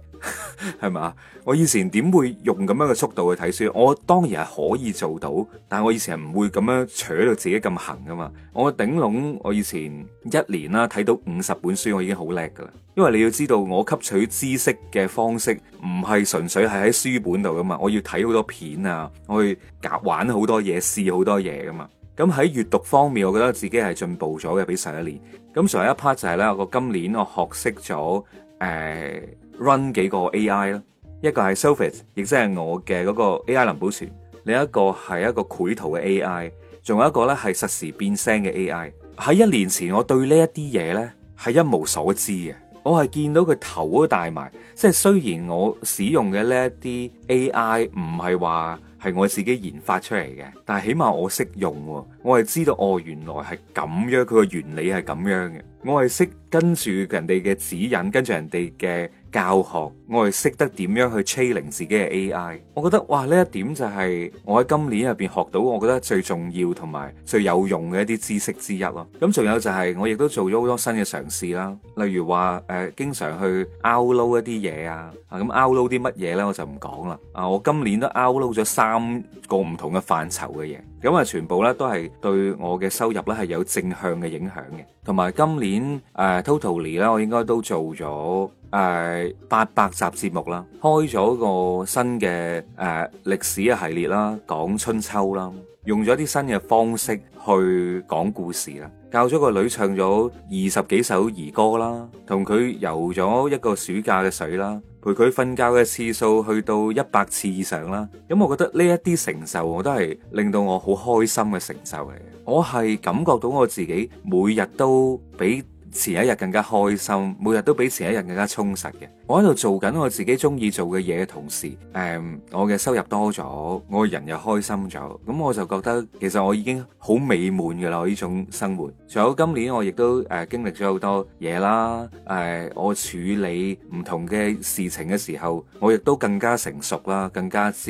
係嘛？ [LAUGHS] 我以前點會用咁樣嘅速度去睇書？我當然係可以做到，但係我以前係唔會咁樣扯到自己咁行噶嘛。我頂籠我以前一年啦睇到五十本書，我已經好叻噶啦。因為你要知道，我吸取知識嘅方式唔係純粹係喺書本度噶嘛。我要睇好多片啊，我去夾玩好多嘢，試好多嘢噶嘛。咁喺閱讀方面，我覺得我自己係進步咗嘅，比上一年。咁上一 part 就係、是、咧，我今年我學識咗誒。呃 Run 幾個 A.I. 啦，一個係 selfish，亦即係我嘅嗰個 A.I. 能保存。另一個係一個繪圖嘅 A.I.，仲有一個呢係實時變聲嘅 A.I.。喺一年前，我對呢一啲嘢呢係一無所知嘅。我係見到佢頭都大埋，即係雖然我使用嘅呢一啲 A.I. 唔係話係我自己研發出嚟嘅，但係起碼我識用。我係知道哦，原來係咁樣，佢個原理係咁樣嘅。我係識跟住人哋嘅指引，跟住人哋嘅。教學，我係識得點樣去 training 自己嘅 AI。我覺得哇，呢一點就係我喺今年入邊學到，我覺得最重要同埋最有用嘅一啲知識之一咯。咁仲有就係我亦都做咗好多新嘅嘗試啦，例如話誒，經常去 outload 一啲嘢啊，咁 outload 啲乜嘢呢？我就唔講啦。啊，我今年都 outload 咗三個唔同嘅範疇嘅嘢，咁啊，全部呢都係對我嘅收入呢係有正向嘅影響嘅。同埋今年誒 totally 呢，我應該都做咗。誒，八百，呃、集節目啦，開咗個新嘅誒歷史嘅系列啦，講春秋啦，用咗啲新嘅方式去講故事啦，教咗個女唱咗二十幾首兒歌啦，同佢游咗一個暑假嘅水啦，陪佢瞓覺嘅次數去到一百次以上啦，咁、嗯、我覺得呢一啲成就我都係令到我好開心嘅成就嚟，我係感覺到我自己每日都俾。前一日更加開心，每日都比前一日更加充實嘅。我喺度做緊我自己中意做嘅嘢嘅同時，誒、嗯，我嘅收入多咗，我人又開心咗，咁我就覺得其實我已經好美滿噶啦。呢種生活，仲有今年我亦都誒、呃、經歷咗好多嘢啦，誒、呃，我處理唔同嘅事情嘅時候，我亦都更加成熟啦，更加之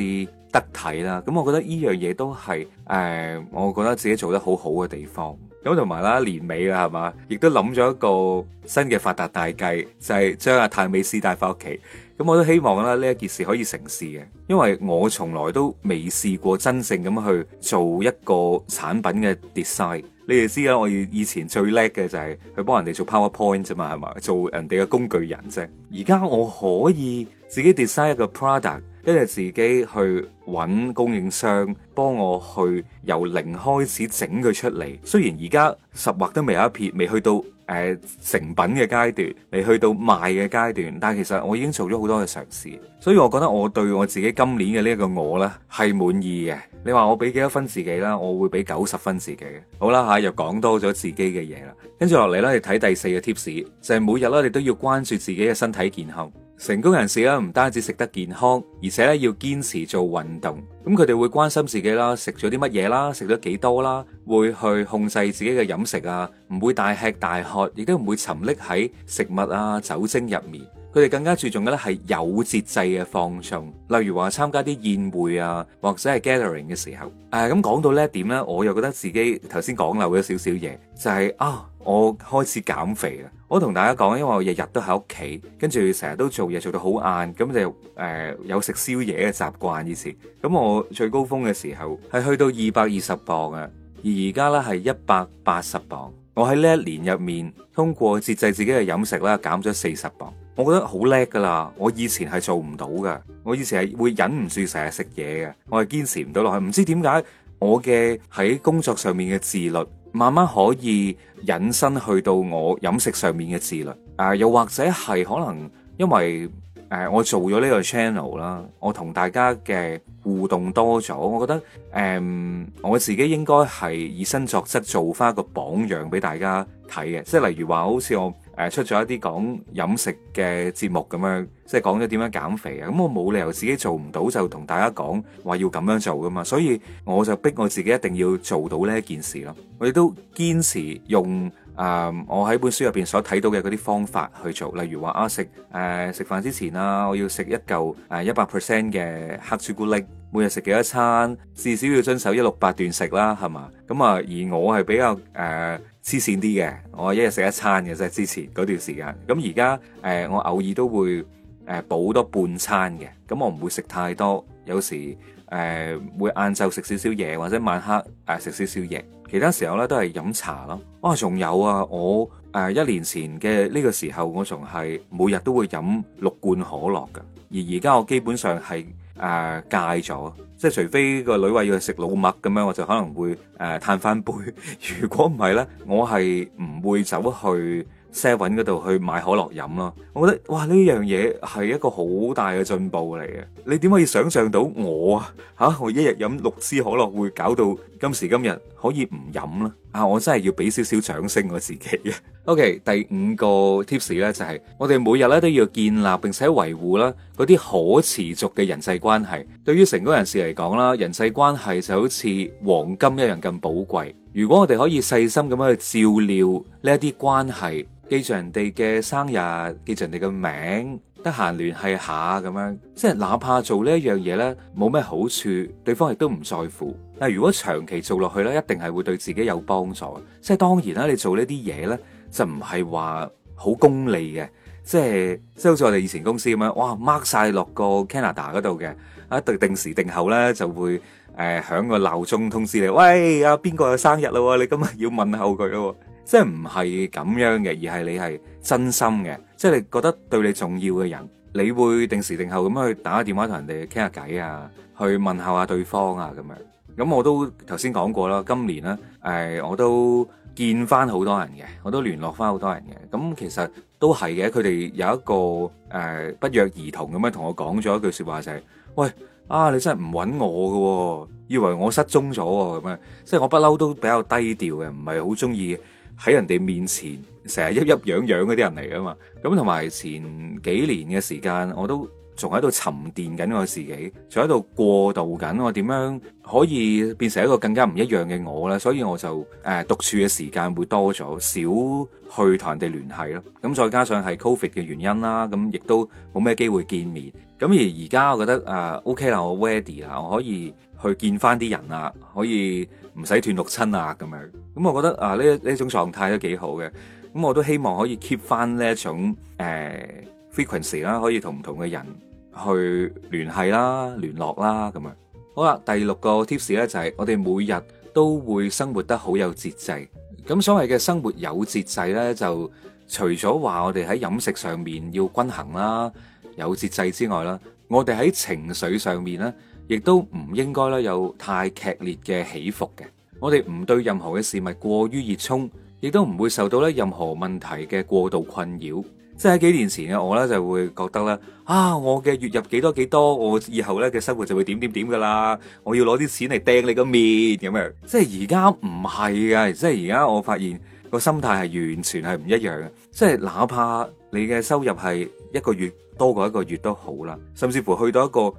得體啦。咁我覺得呢樣嘢都係誒、呃，我覺得自己做得好好嘅地方。咁同埋啦，年尾啦，係嘛，亦都諗咗一個新嘅發達大計，就係、是、將阿泰美斯帶翻屋企。咁我都希望啦，呢一件事可以成事嘅，因為我從來都未試過真正咁去做一個產品嘅 design。你哋知啦、啊，我以前最叻嘅就係去幫人哋做 PowerPoint 啫嘛，係嘛，做人哋嘅工具人啫。而家我可以自己 design 一個 product。跟住自己去揾供應商，幫我去由零開始整佢出嚟。雖然而家十劃都未有一撇，未去到誒、呃、成品嘅階段，未去到賣嘅階段，但係其實我已經做咗好多嘅嘗試。所以我覺得我對我自己今年嘅呢一個我呢係滿意嘅。你話我俾幾多分自己啦？我會俾九十分自己。好啦吓，又講多咗自己嘅嘢啦。跟住落嚟呢，你睇第四個 tips 就係、是、每日呢，你都要關注自己嘅身體健康。成功人士咧，唔單止食得健康，而且咧，要堅持做運動。咁佢哋會關心自己啦，食咗啲乜嘢啦，食咗幾多啦，會去控制自己嘅飲食啊，唔會大吃大喝，亦都唔會沉溺喺食物啊、酒精入面。佢哋更加注重嘅咧係有節制嘅放鬆，例如話參加啲宴會啊，或者係 gathering 嘅時候。誒，咁講到呢一點呢，我又覺得自己頭先講漏咗少少嘢，就係、是、啊，我開始減肥啦。我同大家講，因為我日日都喺屋企，跟住成日都做嘢做到好晏，咁就誒、呃、有食宵夜嘅習慣以前。咁我最高峰嘅時候係去到二百二十磅啊，而而家呢係一百八十磅。我喺呢一年入面，通過節制自己嘅飲食啦，減咗四十磅。我覺得好叻噶啦，我以前係做唔到嘅，我以前係會忍唔住成日食嘢嘅，我係堅持唔到落去。唔知點解我嘅喺工作上面嘅自律，慢慢可以引申去到我飲食上面嘅自律。誒，呃，又或者係可能因為。誒，我做咗呢個 channel 啦，我同大家嘅互動多咗，我覺得誒、嗯，我自己應該係以身作則，做翻一個榜樣俾大家睇嘅，即係例如話，好似我誒出咗一啲講飲食嘅節目咁樣，即係講咗點樣減肥啊，咁我冇理由自己做唔到就同大家講話要咁樣做噶嘛，所以我就逼我自己一定要做到呢一件事咯，我亦都堅持用。啊！Um, 我喺本書入邊所睇到嘅嗰啲方法去做，例如話啊食誒食飯之前啦、啊，我要食一嚿誒一百 percent 嘅黑朱古力，每日食幾多餐，至少要遵守一六八段食啦，係嘛？咁啊，而我係比較誒黐線啲嘅，我一日食一餐嘅，即係之前嗰段時間，咁而家誒我偶爾都會誒、呃、補多半餐嘅，咁我唔會食太多，有時誒、呃、會晏晝食少少嘢，或者晚黑誒食、呃、少少嘢。其他時候呢都係飲茶啦，啊，仲有啊，我誒、呃、一年前嘅呢個時候，我仲係每日都會飲六罐可樂嘅，而而家我基本上係誒、呃、戒咗，即係除非個女話要去食老麥咁樣，我就可能會誒、呃、嘆返杯， [LAUGHS] 如果唔係呢，我係唔會走去 Seven 嗰度去買可樂飲咯，我覺得哇，呢樣嘢係一個好大嘅進步嚟嘅，你點可以想像到我啊嚇、啊？我一日飲六支可樂會搞到今時今日可以唔飲呢～啊！我真係要俾少少掌聲我自己啊 [LAUGHS] ！OK，第五個 tips 咧，就係，我哋每日咧，都要建立並且維護啦嗰啲可持續嘅人際關係。對於成功人士嚟講啦，人際關係就好似黃金一樣咁寶貴。如果我哋可以細心咁樣去照料呢一啲關係，記住人哋嘅生日，記住人哋嘅名。得閒聯繫下咁樣，即係哪怕做呢一樣嘢呢，冇咩好處，對方亦都唔在乎。但如果長期做落去呢，一定係會對自己有幫助。即係當然啦，你做呢啲嘢呢，就唔係話好功利嘅，即係即係好似我哋以前公司咁樣，哇 mark 晒落個 Canada 嗰度嘅，一對定時定候呢，就會誒響、呃、個鬧鐘通知你，喂，阿邊個有生日咯，你今日要問候佢咯，即係唔係咁樣嘅，而係你係真心嘅。即係你覺得對你重要嘅人，你會定時定候咁樣去打個電話同人哋傾下偈啊，去問候下對方啊，咁樣。咁我都頭先講過啦，今年咧，誒，我都見翻好多人嘅，我都聯絡翻好多人嘅。咁其實都係嘅，佢哋有一個誒不約而同咁樣同我講咗一句說話就係，喂，啊，你真係唔揾我嘅，以為我失蹤咗啊，咁樣。即係我不嬲都比較低調嘅，唔係好中意喺人哋面前。成日一一樣樣嗰啲人嚟㗎嘛，咁同埋前幾年嘅時間，我都仲喺度沉澱緊我自己，仲喺度過渡緊我點樣可以變成一個更加唔一樣嘅我呢？所以我就誒、呃、獨處嘅時間會多咗，少去同人哋聯繫咯。咁再加上係 Covid 嘅原因啦，咁亦都冇咩機會見面。咁而而家我覺得啊、呃、OK 啦，我 ready 啦，我可以去見翻啲人啊，可以唔使斷六親啊咁樣。咁我覺得啊呢呢種狀態都幾好嘅。咁我都希望可以 keep 翻呢一種誒、uh, frequency 啦，可以同唔同嘅人去聯繫啦、聯絡啦咁樣。好啦，第六個 tips 咧就係、是、我哋每日都會生活得好有節制。咁所謂嘅生活有節制咧，就除咗話我哋喺飲食上面要均衡啦、有節制之外啦，我哋喺情緒上面咧，亦都唔應該咧有太劇烈嘅起伏嘅。我哋唔對任何嘅事物過於熱衷。亦都唔會受到咧任何問題嘅過度困擾，即係喺幾年前嘅我呢就會覺得啦，啊，我嘅月入幾多幾多，我以後呢嘅生活就會點點點噶啦，我要攞啲錢嚟掟你個面咁樣。即係而家唔係啊，即係而家我發現個心態係完全係唔一樣嘅，即係哪怕你嘅收入係一個月多過一個月都好啦，甚至乎去到一個誒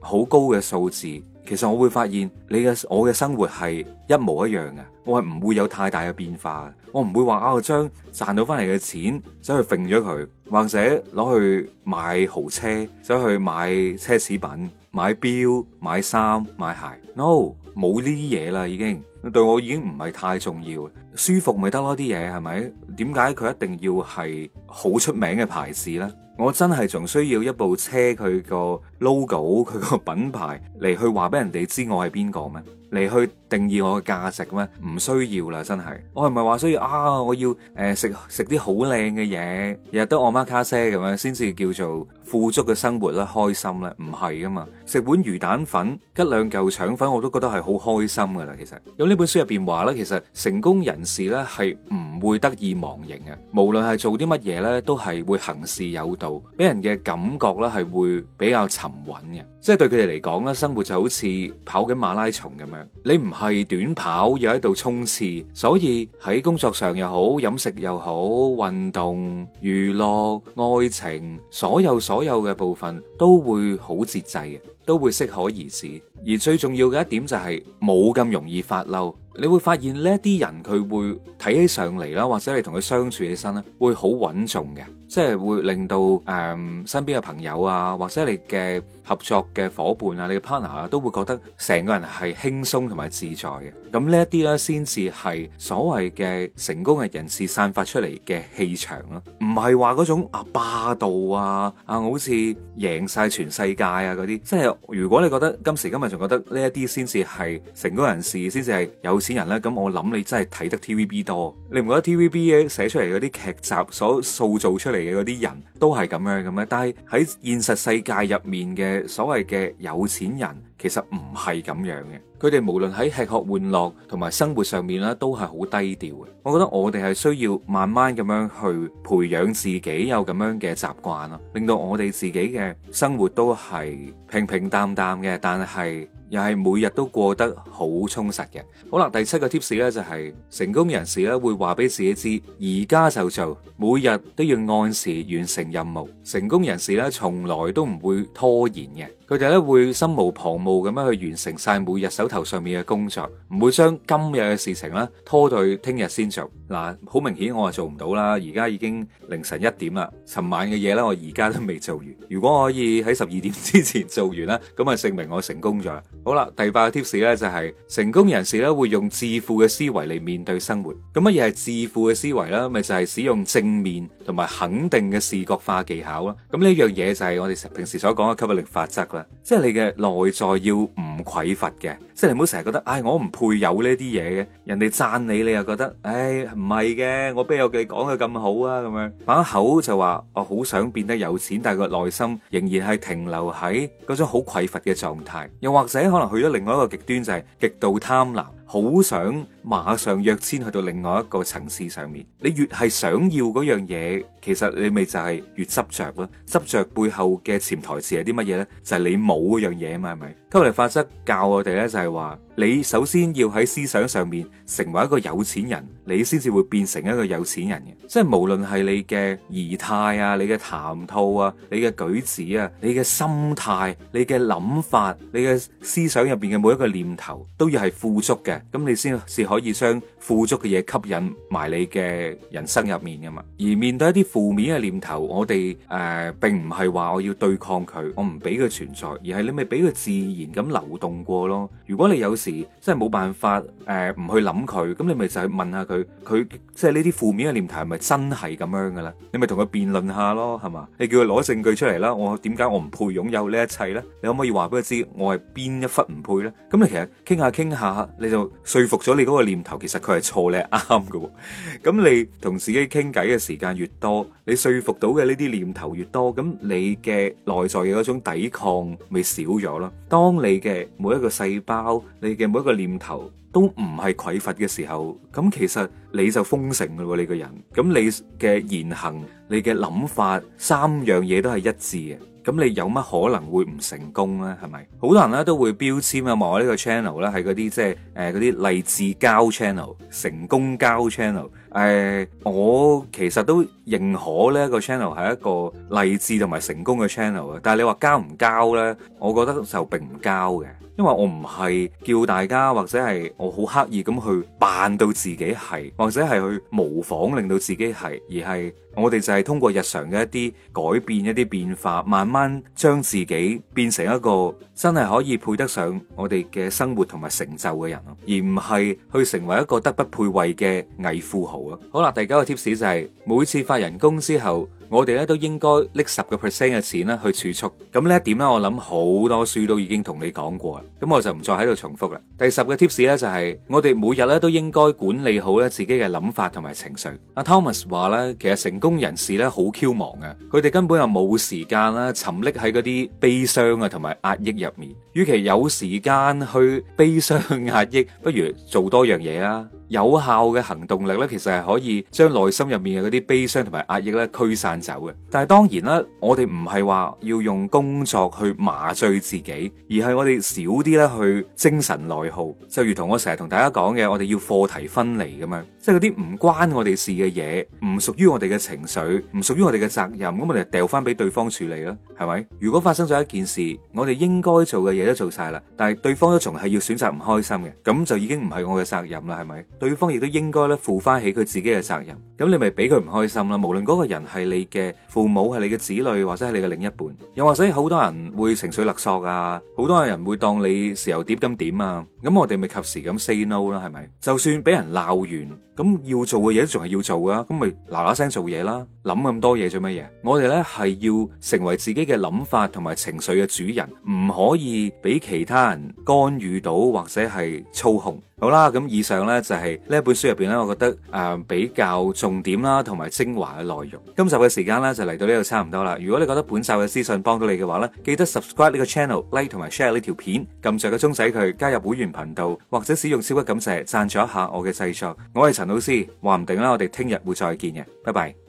好、嗯、高嘅數字。其實我會發現你嘅我嘅生活係一模一樣嘅，我係唔會有太大嘅變化，我唔會話啊，我將賺到翻嚟嘅錢走去揈咗佢，或者攞去買豪車，走去買奢侈品、買錶、買衫、買鞋，no，冇呢啲嘢啦，已經對我已經唔係太重要，舒服咪得咯，啲嘢係咪？點解佢一定要係好出名嘅牌子呢？我真係仲需要一部車，佢個 logo 佢個品牌嚟去話俾人哋知我係邊個咩？嚟去定義我嘅價值咩？唔需要啦，真係。我係咪話需要啊？我要誒食食啲好靚嘅嘢，日日都按摩卡莎咁樣，先至叫做富足嘅生活咧，開心咧？唔係㗎嘛。食碗魚蛋粉，吉兩嚿腸粉，我都覺得係好開心噶啦。其實，用呢本書入邊話呢，其實成功人士呢係唔會得意忘形嘅，無論係做啲乜嘢呢，都係會行事有道，俾人嘅感覺呢係會比較沉穩嘅。即係對佢哋嚟講咧，生活就好似跑緊馬拉松咁樣，你唔係短跑又喺度衝刺，所以喺工作上又好，飲食又好，運動、娛樂、愛情，所有所有嘅部分都會好節制嘅。都會適可而止，而最重要嘅一點就係冇咁容易發嬲。你會發現呢啲人佢會睇起上嚟啦，或者你同佢相處起身咧，會好穩重嘅，即係會令到誒、嗯、身邊嘅朋友啊，或者你嘅。合作嘅夥伴啊，你嘅 partner 啊，都會覺得成個人係輕鬆同埋自在嘅。咁呢一啲咧，先至係所謂嘅成功嘅人士散發出嚟嘅氣場咯。唔係話嗰種啊霸道啊，啊好似贏晒全世界啊嗰啲。即係如果你覺得今時今日仲覺得呢一啲先至係成功人士，先至係有錢人咧，咁我諗你真係睇得 TVB 多。你唔覺得 TVB 寫出嚟嗰啲劇集所塑造出嚟嘅嗰啲人都係咁樣咁樣，但係喺現實世界入面嘅。所謂嘅有錢人其實唔係咁樣嘅，佢哋無論喺吃喝玩樂同埋生活上面咧，都係好低調嘅。我覺得我哋係需要慢慢咁樣去培養自己有咁樣嘅習慣啊，令到我哋自己嘅生活都係平平淡淡嘅，但係又係每日都過得好充實嘅。好啦，第七個 tips 咧就係成功人士咧會話俾自己知，而家就做，每日都要按時完成任務。成功人士咧從來都唔會拖延嘅。佢哋咧會心無旁騖咁樣去完成晒每日手頭上面嘅工作，唔會將今日嘅事情咧拖到聽日先做。嗱，好明顯我係做唔到啦，而家已經凌晨一點啦，尋晚嘅嘢咧我而家都未做完。如果我可以喺十二點之前做完啦，咁啊證明我成功咗。好啦，第八個 tips 咧就係成功人士咧會用致富嘅思維嚟面對生活。咁乜嘢係致富嘅思維咧？咪就係使用正面同埋肯定嘅視覺化技巧啦。咁呢一樣嘢就係我哋平時所講嘅吸引力法則啦。即係你嘅內在要唔匱乏嘅，即係你唔好成日覺得，唉，我唔配有呢啲嘢嘅。人哋贊你，你又覺得，唉，唔係嘅，我邊有佢講嘅咁好啊？咁樣把口就話，我好想變得有錢，但係個內心仍然係停留喺嗰種好匱乏嘅狀態。又或者可能去咗另外一個極端，就係極度貪婪。好想馬上躍遷去到另外一個層次上面，你越係想要嗰樣嘢，其實你咪就係越執着咯。執着背後嘅潛台詞係啲乜嘢呢？就係、是、你冇嗰樣嘢啊嘛，係咪？吸引力法則教我哋咧，就係話你首先要喺思想上面成為一個有錢人，你先至會變成一個有錢人嘅。即係無論係你嘅儀態啊、你嘅談吐啊、你嘅舉止啊、你嘅心態、你嘅諗法、你嘅思想入邊嘅每一個念頭，都要係富足嘅，咁你先至可以將富足嘅嘢吸引埋你嘅人生入面噶嘛。而面對一啲負面嘅念頭，我哋誒、呃，並唔係話我要對抗佢，我唔俾佢存在，而係你咪俾佢自然。咁流動過咯。如果你有時真係冇辦法誒，唔、呃、去諗佢，咁你咪就係問下佢，佢即係呢啲負面嘅念頭係咪真係咁樣噶啦？你咪同佢辯論下咯，係嘛？你叫佢攞證據出嚟啦。我點解我唔配擁有呢一切咧？你可唔可以話俾佢知我係邊一忽唔配咧？咁你其實傾下傾下，你就說服咗你嗰個念頭，其實佢係錯咧，你係啱噶。咁 [LAUGHS] 你同自己傾偈嘅時間越多，你說服到嘅呢啲念頭越多，咁你嘅內在嘅嗰種抵抗咪少咗咯？多。當你嘅每一個細胞，你嘅每一個念頭都唔係匱乏嘅時候，咁其實你就豐盛噶咯，你個人，咁你嘅言行、你嘅諗法，三樣嘢都係一致嘅。咁你有乜可能會唔成功呢？係咪好多人咧都會標籤啊，我呢個 channel 咧係嗰啲即係誒嗰啲勵志教 channel、成功教 channel 誒、呃，我其實都認可呢一個 channel 係一個勵志同埋成功嘅 channel 啊，但係你話教唔教呢？我覺得就並唔教嘅。因為我唔係叫大家或者係我好刻意咁去扮到自己係，或者係去模仿令到自己係，而係我哋就係通過日常嘅一啲改變、一啲變化，慢慢將自己變成一個真係可以配得上我哋嘅生活同埋成就嘅人咯，而唔係去成為一個德不配位嘅偽富豪咯。好啦，第九個 tips 就係、是、每次發人工之後。我哋咧都應該拎十個 percent 嘅錢啦，去儲蓄，咁呢一點咧，我諗好多書都已經同你講過啦，咁我就唔再喺度重複啦。第十個 tips 咧就係我哋每日咧都應該管理好咧自己嘅諗法同埋情緒。阿 Thomas 話咧，其實成功人士咧好 Q 忙啊，佢哋根本又冇時間啦，沉溺喺嗰啲悲傷啊同埋壓抑入面。與其有時間去悲傷壓抑，不如做多樣嘢啊！有效嘅行動力咧，其實係可以將內心入面嘅嗰啲悲傷同埋壓抑咧驅散走嘅，但係當然啦，我哋唔係話要用工作去麻醉自己，而係我哋少啲咧去精神內耗。就如同我成日同大家講嘅，我哋要課題分離咁樣，即係嗰啲唔關我哋事嘅嘢，唔屬於我哋嘅情緒，唔屬於我哋嘅責任，咁我哋掉翻俾對方處理咯，係咪？如果發生咗一件事，我哋應該做嘅嘢都做晒啦，但係對方都仲係要選擇唔開心嘅，咁就已經唔係我嘅責任啦，係咪？對方亦都應該咧負翻起佢自己嘅責任，咁你咪俾佢唔開心啦。無論嗰個人係你。嘅父母係你嘅子女，或者係你嘅另一半，又或者好多人會情緒勒索啊，好多人會當你豉油碟咁點啊，咁我哋咪及時咁 say no 啦，係咪？就算俾人鬧完。咁要做嘅嘢都仲係要做啊，咁咪嗱嗱聲做嘢啦，諗咁多嘢做乜嘢？我哋咧係要成為自己嘅諗法同埋情緒嘅主人，唔可以俾其他人干預到或者係操控。好啦，咁以上咧就係呢一本書入邊咧，我覺得誒比較重點啦同埋精華嘅內容。今集嘅時間咧就嚟到呢度差唔多啦。如果你覺得本集嘅資訊幫到你嘅話咧，記得 subscribe 呢個 channel、like 同埋 share 呢條片，撳著個鐘仔佢加入會員頻道，或者使用超級感謝贊助一下我嘅製作。我係陳。陳老 C，話唔定啦，我哋聽日會再見嘅，拜拜。